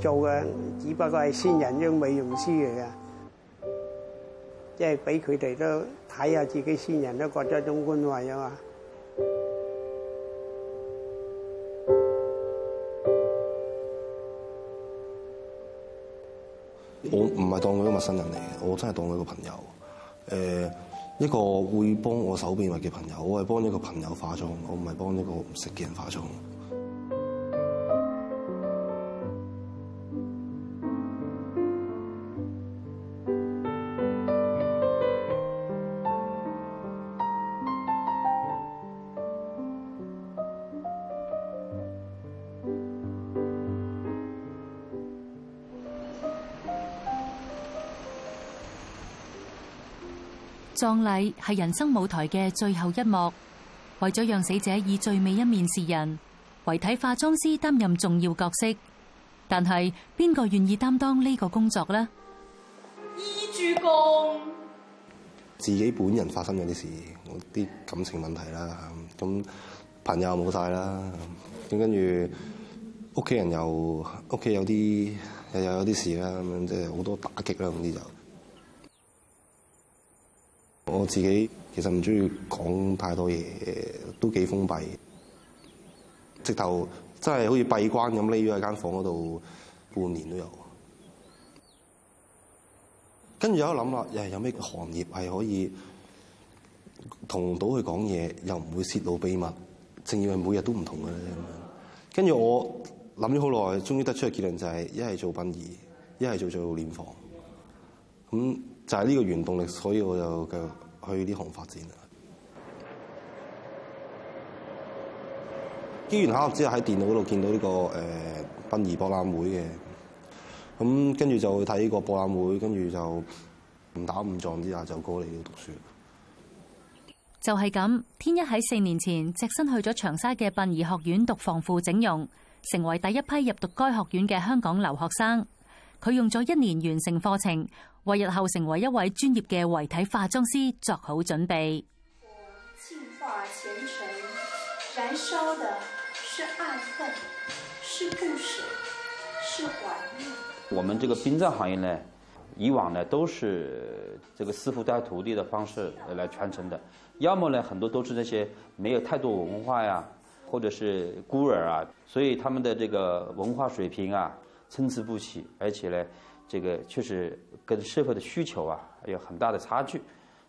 做嘅，只不過係先人嘅美容師嚟嘅，即係俾佢哋都睇下自己先人都覺得一種安慰啊嘛！我唔係當佢個陌生人嚟嘅，我真係當佢個朋友，誒一個會幫我手邊嘅朋友，我係幫呢個朋友化妝，我唔係幫呢個唔識嘅人化妝。葬禮係人生舞台嘅最後一幕，為咗讓死者以最美一面示人，遺體化妝師擔任重要角色。但係邊個願意擔當呢個工作呢？伊珠公，自己本人發生咗啲事，我啲感情問題啦，咁朋友冇晒啦，咁跟住屋企人又屋企有啲又有啲事啦，咁樣即係好多打擊啦，咁呢就。我自己其實唔中意講太多嘢，都幾封閉。直頭真係好似閉關咁啦，匿咗喺間房嗰度半年都有。跟住有一諗啦，又係有咩行業係可以同到佢講嘢，又唔會泄露秘密，仲要係每日都唔同嘅咧。咁樣跟住我諗咗好耐，終於得出嘅結論就係、是，一係做殯儀，一係做做殮房。咁就係、是、呢個原動力，所以我就繼續去呢行發展。機緣巧合之後喺電腦嗰度見到呢、這個誒殯、呃、儀博覽會嘅，咁跟住就去睇呢個博覽會，跟住就誤打誤撞之下就過嚟到讀書。就係、是、咁，天一喺四年前隻身去咗長沙嘅殯儀學院讀防腐整容，成為第一批入讀該學院嘅香港留學生。佢用咗一年完成課程，為日後成為一位專業嘅遺體化妝師作好準備。我進化前程，燃燒的是暗恨，是故事是懷念。我們這個殯葬行業呢，以往呢都是這個師傅帶徒弟的方式來傳承的，要麼呢很多都是那些沒有太多文化呀、啊，或者是孤兒啊，所以他們的這個文化水平啊。參差不齊，而且呢，這個確實跟社會的需求啊有很大的差距，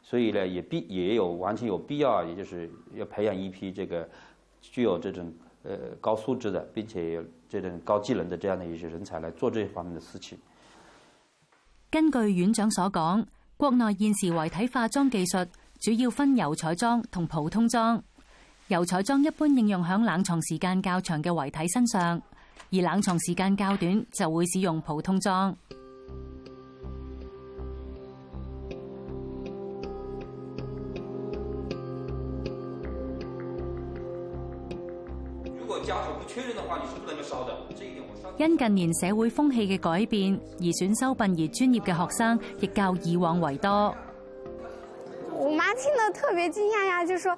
所以呢也必也有完全有必要，啊，也就是要培養一批這個具有這種呃高素質的，並且有這種高技能的這樣的一些人才來做這方面的事情。根據院長所講，國內現時遺體化妝技術主要分油彩妝同普通妝。油彩妝一般應用響冷藏時間較長嘅遺體身上。而冷藏時間較短，就會使用普通裝。如果家屬不確認的話，你是不能燒的。因近年社會風氣嘅改變，而選修殯儀專業嘅學生，亦較以往為多。我媽聽得特別驚訝呀，就說。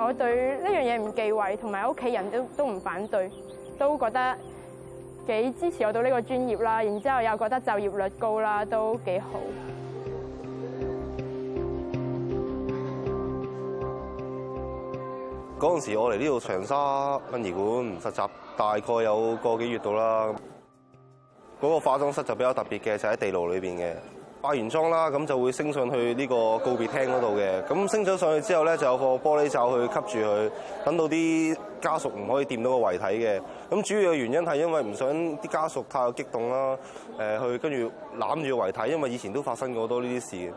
我對呢樣嘢唔忌諱，同埋屋企人都都唔反對，都覺得幾支持我到呢個專業啦。然之後又覺得就業率高啦，都幾好。嗰陣時我嚟呢度長沙殯儀館實習，大概有個幾月度啦。嗰、那個化妝室就比較特別嘅，就喺、是、地牢裏邊嘅。化完妝啦，咁就會升上去呢個告別廳嗰度嘅。咁升咗上去之後呢，就有個玻璃罩去吸住佢，等到啲家屬唔可以掂到個遺體嘅。咁主要嘅原因係因為唔想啲家屬太過激動啦，誒去跟住攬住個遺體，因為以前都發生過好多呢啲事。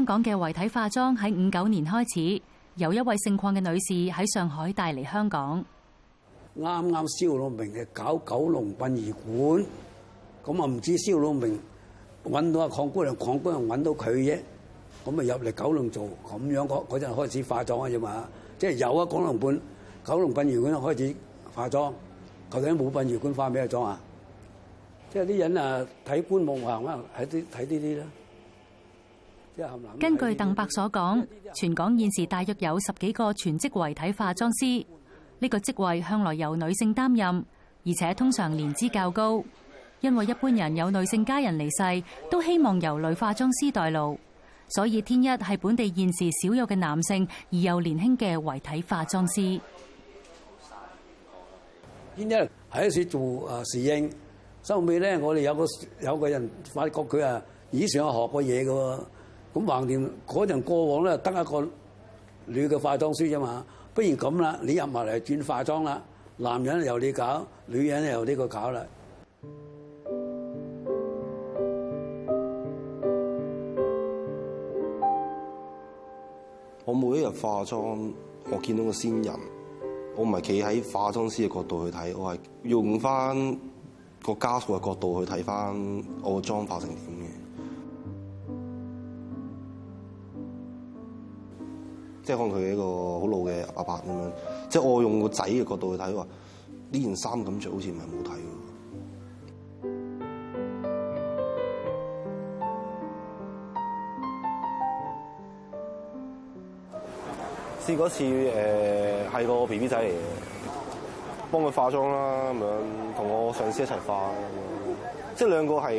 香港嘅遺體化妝喺五九年開始，由一位姓鄺嘅女士喺上海帶嚟香港。啱啱肖老明係搞九龍殯儀館，咁啊唔知肖老明揾到阿鄺姑娘，鄺姑娘揾到佢啫，咁啊入嚟九龍做咁樣嗰嗰陣開始化妝嘅啫嘛，即係有啊九龍殯九龍殯儀館開始化妝，究竟冇殯儀館化咩妝啊？即係啲人啊睇棺木啊，睇啲睇呢啲啦。根據鄧伯所講，全港現時大約有十幾個全職遺體化妝師。呢個職位向來由女性擔任，而且通常年資較高，因為一般人有女性家人離世，都希望由女化妝師代勞。所以天一係本地現時少有嘅男性而又年輕嘅遺體化妝師。天一喺一次做誒侍應，收尾呢，我哋有個有個人發覺佢啊，以前有學過嘢嘅喎。咁橫掂嗰陣過往咧，得一個女嘅化妝師啫嘛，不如咁啦，你入埋嚟轉化妝啦，男人由你搞，女人由呢個搞啦。我每一日化妝，我見到個先人。我唔係企喺化妝師嘅角度去睇，我係用翻個家屬嘅角度去睇翻我個妝化成點。即係看佢一個好老嘅阿伯咁樣，即係我用個仔嘅角度去睇話，呢件衫咁著好似唔係好睇喎。試嗰次誒係個 B B 仔嚟嘅，幫佢化妝啦咁樣，同我上司一齊化。即係兩個係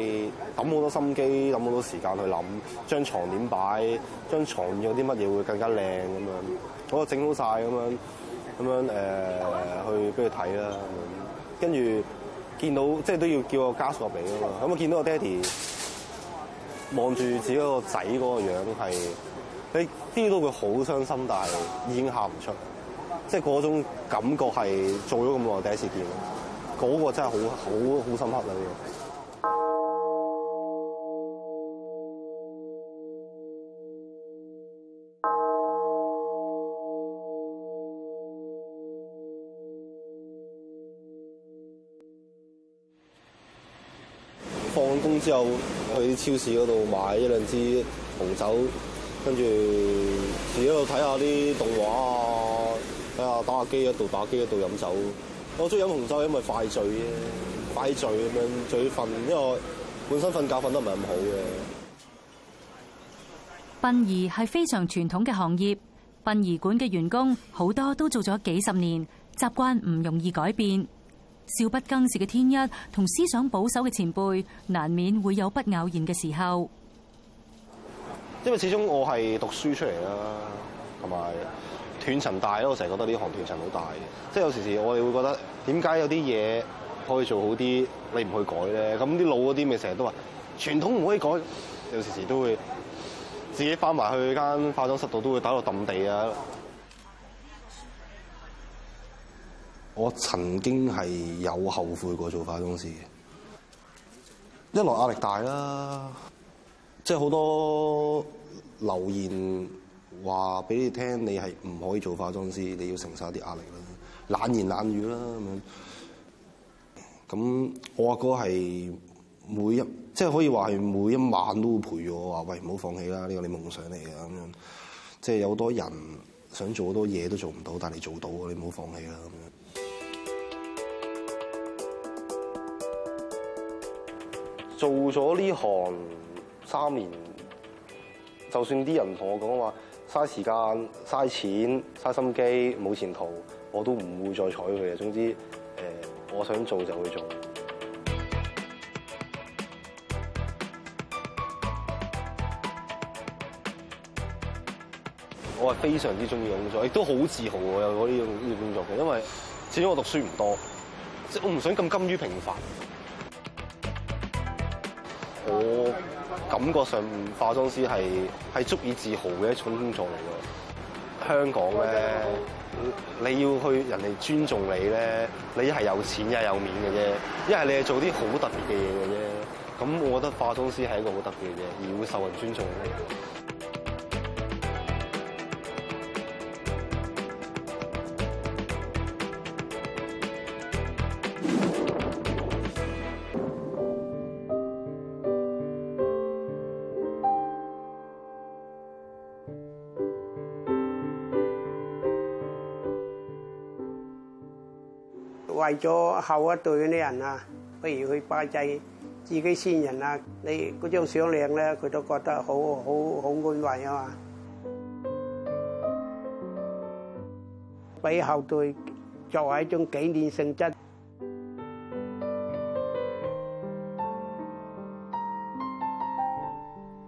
揼好多心機，揼好多時間去諗，張床點擺，張床有啲乜嘢會更加靚咁樣，我又整好晒。咁樣，咁樣、呃、去俾佢睇啦。跟住見到即係都要叫個家屬入嚟啊嘛。咁我見到個爹哋望住自己個仔嗰個樣係，你啲都會好傷心，但係已經喊唔出，即係嗰種感覺係做咗咁耐第一次見，嗰、嗰個真係好好好深刻啦！呢、呢個之後去超市嗰度買一兩支紅酒，跟住自己度睇下啲動畫啊，睇下打下機，一度打機一度飲酒。我中意飲紅酒，因為快醉啫，快醉咁樣最瞓，因為本身瞓覺瞓得唔係咁好嘅。殯儀係非常傳統嘅行業，殯儀館嘅員工好多都做咗幾十年，習慣唔容易改變。少不更事嘅天一，同思想保守嘅前輩，難免會有不咬弦嘅時候。因為始終我係讀書出嚟啦，同埋斷層大咯，我成日覺得呢行斷層好大嘅。即係有時時我哋會覺得，點解有啲嘢可以做好啲，你唔去改咧？咁啲老嗰啲咪成日都話傳統唔可以改。有時時都會自己翻埋去間化妝室度，都會打到抌地啊。我曾經係有後悔過做化妝師嘅，一來壓力大啦，即係好多留言話俾你聽，你係唔可以做化妝師，你要承受一啲壓力啦，冷言冷語啦咁樣。咁我阿哥係每一，即係可以話係每一晚都會陪住我話：喂，唔好放棄啦，呢個你夢想嚟嘅，咁樣。即係有好多人想做好多嘢都做唔到，但係你做到，你唔好放棄啦咁樣。做咗呢行三年，就算啲人同我講話嘥時間、嘥錢、嘥心機、冇前途，我都唔會再睬佢嘅。總之，誒、呃，我想做就去做。我係非常之中意工作，亦都好自豪我有呢種呢種工作嘅，因為始終我讀書唔多，即係我唔想咁甘於平凡。我感覺上化妝師係係足以自豪嘅一種工作嚟㗎。香港咧，你要去人哋尊重你咧，你係有錢又有面嘅啫，因為是一係你係做啲好特別嘅嘢嘅啫。咁我覺得化妝師係一個好特別嘅嘢，而會受人尊重嘅。為咗後一代啲人啊，不如去拜祭自己先人啊，你嗰張相靚咧，佢都覺得好好好安慰啊嘛，俾後代作為一種紀念性質。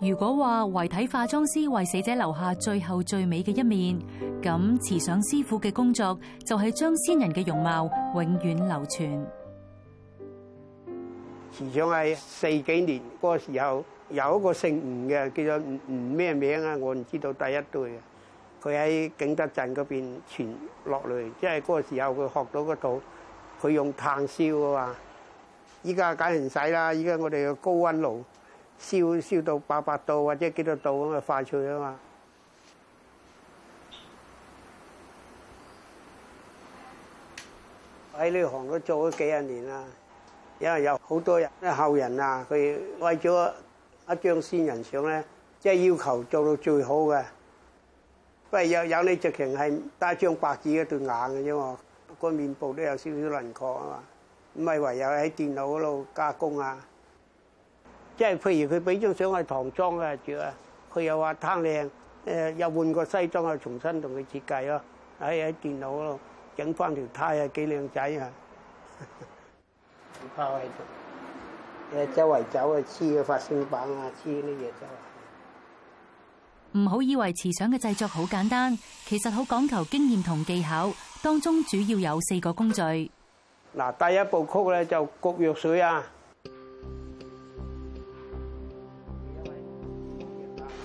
如果話遺體化妝師為死者留下最後最美嘅一面，咁瓷相師傅嘅工作就係將先人嘅容貌永遠流傳。瓷相喺四幾年嗰個時候有一個姓吳嘅叫做吳吳咩名啊，我唔知道。第一對，佢喺景德鎮嗰邊傳落嚟，即係嗰個時候佢學到嗰度，佢用炭燒啊嘛。依家梗係唔使啦，依家我哋嘅高溫爐。燒燒到八百度或者幾多度咁啊，快脆啊嘛！喺呢行都做咗幾十年啦，因為有好多人咧後人啊，佢為咗一張先人相咧，即係要求做到最好嘅，不過有有呢隻情係戴張白紙嘅對眼嘅啫嘛，個面部都有少少輪廓啊嘛，唔係唯有喺電腦嗰度加工啊。即係譬如佢俾張相佢唐裝啊著啊，佢又話貪靚，誒又換個西裝啊，重新同佢設計咯，喺喺電腦嗰度整翻條呔啊，幾靚仔啊！拋喺度，喺周圍走啊，黐個發聲棒啊，黐啲嘢真係。唔好以為瓷相嘅製作好簡單，其實好講求經驗同技巧，當中主要有四個工序。嗱，第一部曲咧就焗藥水啊。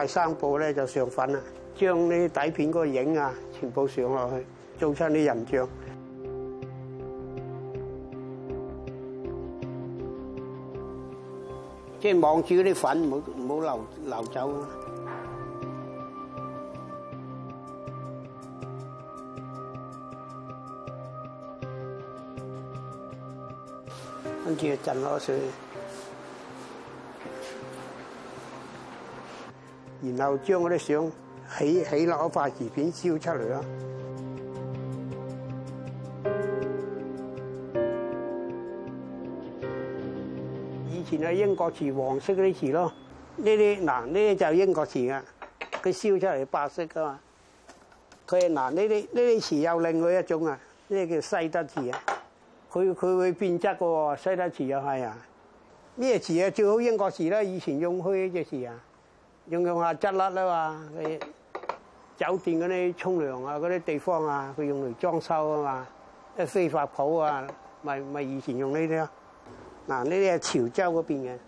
第三步咧就上粉啦，將呢底片嗰個影啊全部上落去，做出啲印象，即係望住嗰啲粉唔好唔好流流走啊！跟住就攬落水。然後將嗰啲相起起落一塊瓷片燒出嚟啦。以前係英國瓷黃色嗰啲瓷咯，呢啲嗱呢就英國瓷啊，佢燒出嚟白色噶嘛。佢係嗱呢啲呢啲瓷有另外一種啊，呢啲叫西德瓷啊。佢佢會變質噶喎，西德瓷又係啊。咩瓷啊？最好英國瓷啦，以前用開嘅瓷啊。用用下質甩啊嘛，佢酒店嗰啲沖涼啊嗰啲地方啊，佢用嚟裝修啊嘛，啲非法鋪啊，咪咪以前用呢啲咯。嗱呢啲係潮州嗰邊嘅，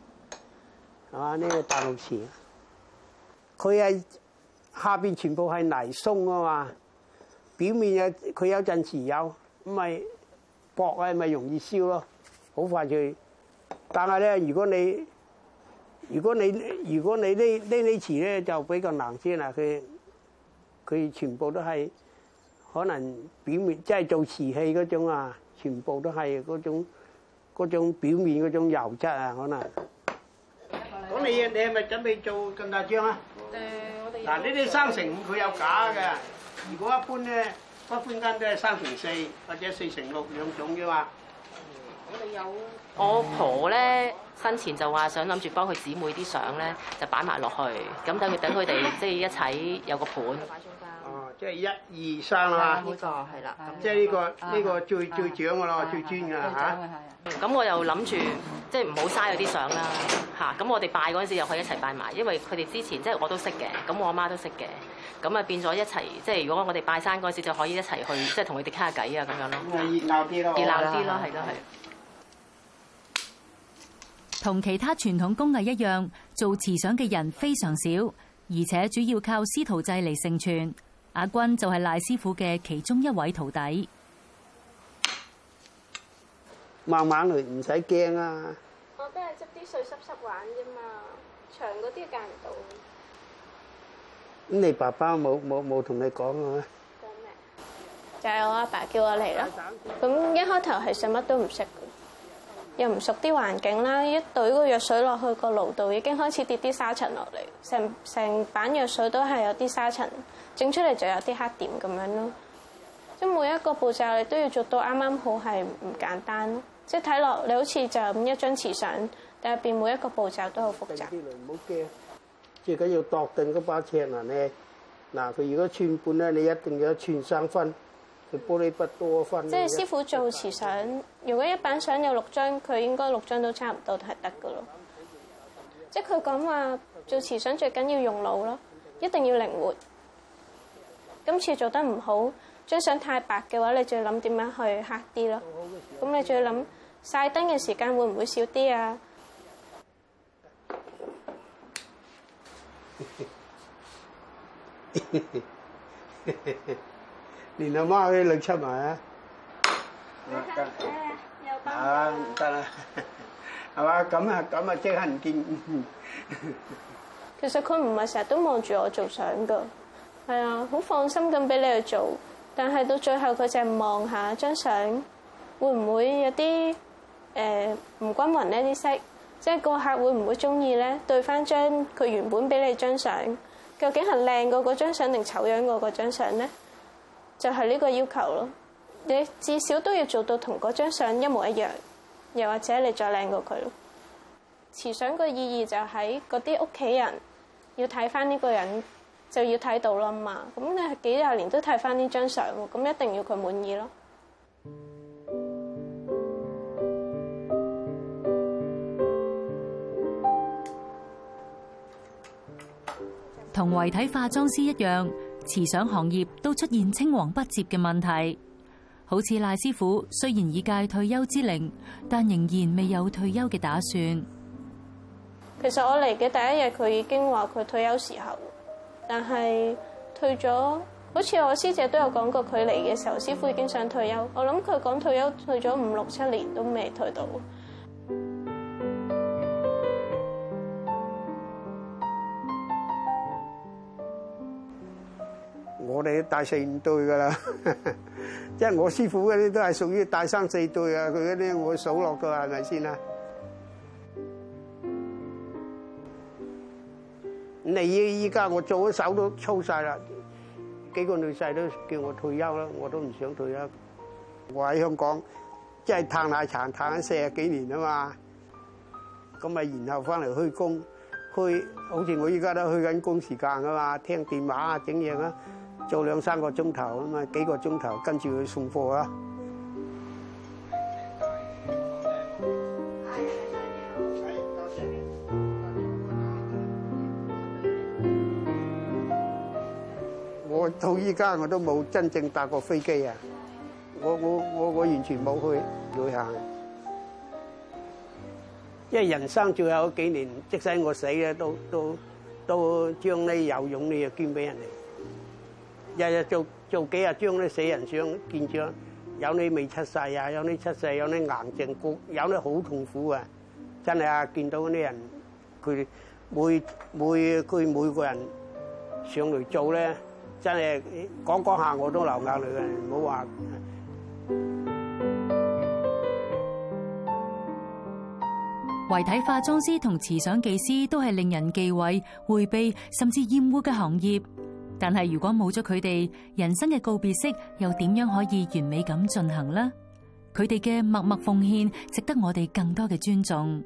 係嘛？呢個大陸瓷，佢係下邊全部係泥鬆啊嘛，表面有佢有陣時有，咪薄啊咪容易燒咯，好快脆。但係咧，如果你如果你如果你呢呢啲詞咧就比較難啲啦，佢佢全部都係可能表面即係做瓷器嗰種啊，全部都係嗰種嗰種表面嗰種油質啊，可能。咁你你係咪準備做咁大張啊？誒，我哋嗱呢啲三乘五佢有假嘅，如果一般咧一般間都係三乘四或者四乘六兩種嘅話。我哋有我婆咧生前就話想諗住幫佢姊妹啲相咧就擺埋落去，咁等佢等佢哋即係一齊有個盤。哦，即係一二三啦冇錯，呢個係啦，即係呢、呢個呢、呢個最最長嘅咯，最尊嘅嚇。咁、啊、我又諗住即係唔好嘥嗰啲相啦嚇。咁、就是、我哋拜嗰陣時又可以一齊拜埋，因為佢哋之前即係我都識嘅，咁我阿媽都識嘅，咁啊變咗一齊。即係如果我哋拜山嗰陣時就可以一齊去，即係同佢哋傾下偈啊咁樣咯。咁啊熱鬧啲咯，熱鬧啲咯，係都係。同其他傳統工藝一樣，做瓷相嘅人非常少，而且主要靠師徒制嚟承傳。阿君就係賴師傅嘅其中一位徒弟。慢慢嚟，唔使驚啊！我都係執啲碎濕濕玩啫嘛，長嗰啲又揀唔到。咁你爸爸冇冇冇同你講㗎咩？講咩？就係我阿爸叫我嚟咯。咁一開頭係想乜都唔識。又唔熟啲環境啦，一懟個藥水落去個爐度已經開始跌啲沙塵落嚟，成成板藥水都係有啲沙塵，整出嚟就有啲黑點咁樣咯。即係每一個步驟你都要做到啱啱好，係唔簡單。即係睇落你好似就咁一張瓷相，但入面每一個步驟都好複雜。啲唔好驚，最緊要度定嗰把尺，嗱你，嗱佢如果寸半咧，你一定要一寸三分。玻璃不多分。即係師傅做瓷相，如果一版相有六張，佢應該六張都差唔多就係得噶咯。即係佢講話做瓷相最緊要用腦咯，一定要靈活。今次做得唔好，張相太白嘅話，你就要諗點樣去黑啲咯。咁你就要諗曬燈嘅時間會唔會少啲啊？ 連阿媽嗰啲糧出埋啊！啊唔得啦，係嘛咁啊咁啊，即刻唔見。其實佢唔係成日都望住我做相噶，係啊，好放心咁俾你去做。但係到最後，佢淨係望下張相，會唔會有啲誒唔均勻咧啲色？即係個客會唔會中意咧？對翻張佢原本俾你張相，究竟係靚過嗰張相定醜樣過嗰張相咧？就係、是、呢個要求咯，你至少都要做到同嗰張相一模一樣，又或者你再靚過佢咯。瓷相嘅意義就喺嗰啲屋企人要睇翻呢個人，就要睇到啦嘛。咁你幾廿年都睇翻呢張相，咁一定要佢滿意咯。同遺體化妝師一樣。瓷相行業都出現青黃不接嘅問題，好似賴師傅雖然已屆退休之齡，但仍然未有退休嘅打算。其實我嚟嘅第一日，佢已經話佢退休時候，但係退咗。好似我師姐都有講過，佢嚟嘅時候，師傅已經想退休。我諗佢講退休退咗五六七年都未退到。大四五對噶啦，即係我師傅嗰啲都係屬於大三四對啊。佢嗰啲我數落噶，係咪先啊？你依家我做咗手都粗曬啦，幾個女仔都叫我退休啦，我都唔想退休。我喺香港即係探奶茶，探咗四十幾年啊嘛。咁咪然後翻嚟開工去，好似我依家都開緊工時間啊嘛，聽電話整嘢啊。做兩三個鐘頭啊嘛，幾個鐘頭跟住去送貨啦。我到依家我都冇真正搭過飛機啊！我我我我完全冇去旅行，因為人生最後幾年，即使我死咧，都都都將啲有用咧又捐俾人哋。日日做做幾廿張嗰啲死人相，見相有啲未出世啊，有啲出世，有啲癌症，個有啲好痛苦啊！真係啊，見到嗰啲人，佢每每佢每個人上嚟做咧，真係講講下我都流眼淚嘅，唔好話。遺體化妝師同瓷相技師都係令人忌諱、迴避甚至厭惡嘅行業。但係如果冇咗佢哋，人生嘅告別式又點樣可以完美咁進行呢？佢哋嘅默默奉獻，值得我哋更多嘅尊重。